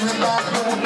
Bring it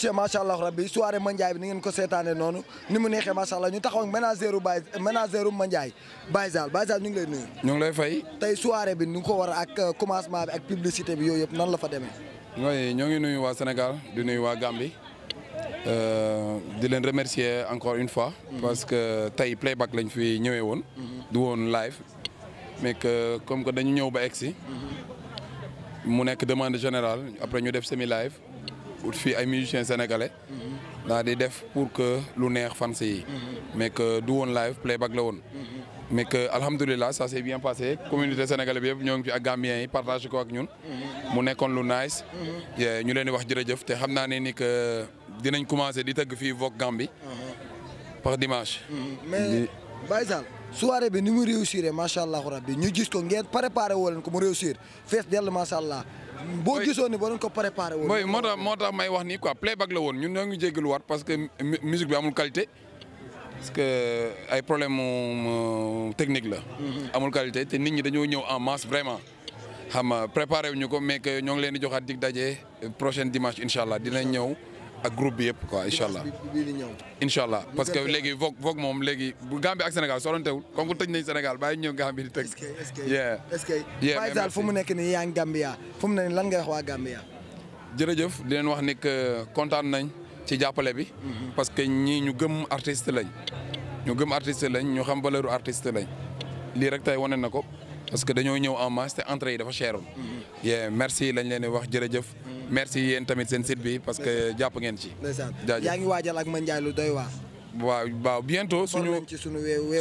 ci macha allah rabbi soirée mandjay bi ni ngeen ko seetaane nonou ni mu neexee macha allah ñu taxaw ak ménagère Baye ménagère Mandiaye Baye Zal Baye Zal ñu ngi lay nuyu. ñu ngi lay fay. tay soirée bi ñu ko war ak euh, commencement bi ak publicité bi yoyep nan la fa démé mooy ñoo ngi nuyu wa Sénégal di nuyu wa Gambie euh di leen remercier encore une fois. Mhm. parce que tay playback lañ fi ñëwé won mhm. du won live. mais que comme que dañu ñëw ba exi mhm. mu nek demande générale après ñu def semi live ut fii ay musiciens sénégalais. daa des def pour que lu neex fans yi. mais que du woon live playback la woon. mais que alhamdulilah ça s'est bien passé communauté sénégalaise bi yëpp ñoo fi ak Gambien yi partagé ko ak ñun. mu nekkoon lu nice. ñu leen di wax jërëjëf te xam naa ne ni que dinañ commencé di tëgg fii Vogue Gambie. par dimanche. mais Baye Zale soirée bi nous mu réussir macha allah nous ñu gis ko ngeen préparé woo leen ko mu réussir fees dell allah. boo gisoon ne boo ko préparé woon. moo tax moo tax may wax ni ko quoi bag la woon ñun ñoo ngi jégaluwaat parce que musique bi amul qualité. parce que ay problème mu technique la. Mhm. amul qualité te nit ñi dañoo ñëw en masse vraiment. xam nga préparé wu ñu ko mais que ñoo ngi leen di joxaat dig daje prochaine dimanche incha allah dinañ ñëw. ak groupe bi yëpp quoi incha allah incha allah parce que léegi vogue vogue moom léegi bu Gambie ak Sénégal sorantewul comme que tëj nañ Sénégal baay ñëw Gambie di tëj. est-ce que Baye Zal fu mu nekk nii yaa ngi Gambia fu mu ne lan ngay wax waa Gambia. jërëjëf di leen wax ni que kontaan nañ ci jàppale bi. Mhm. parce que ñii ñu gëm artiste lañ. ñu gëm artiste lañ ñu xam valeur artiste lañ lii rek tey wane na ko. parce que dañoo ñëw en masse te entrée yi dafa cheroon. Mm-hmm. merci lañ leen di wax jërëjëf. Mm-hmm. merci yéen tamit seen site bi parce que jàpp ngeen ci. jaajëf yaa ngi waajal ak man Ndiaye lu doy waar. waaw waaw bientôt suñu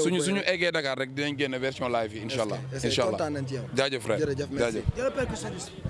suñu suñu eggee Dakar rek dinañ génn version live yi incha allah. incha allah jaajëf frère jaajëf merci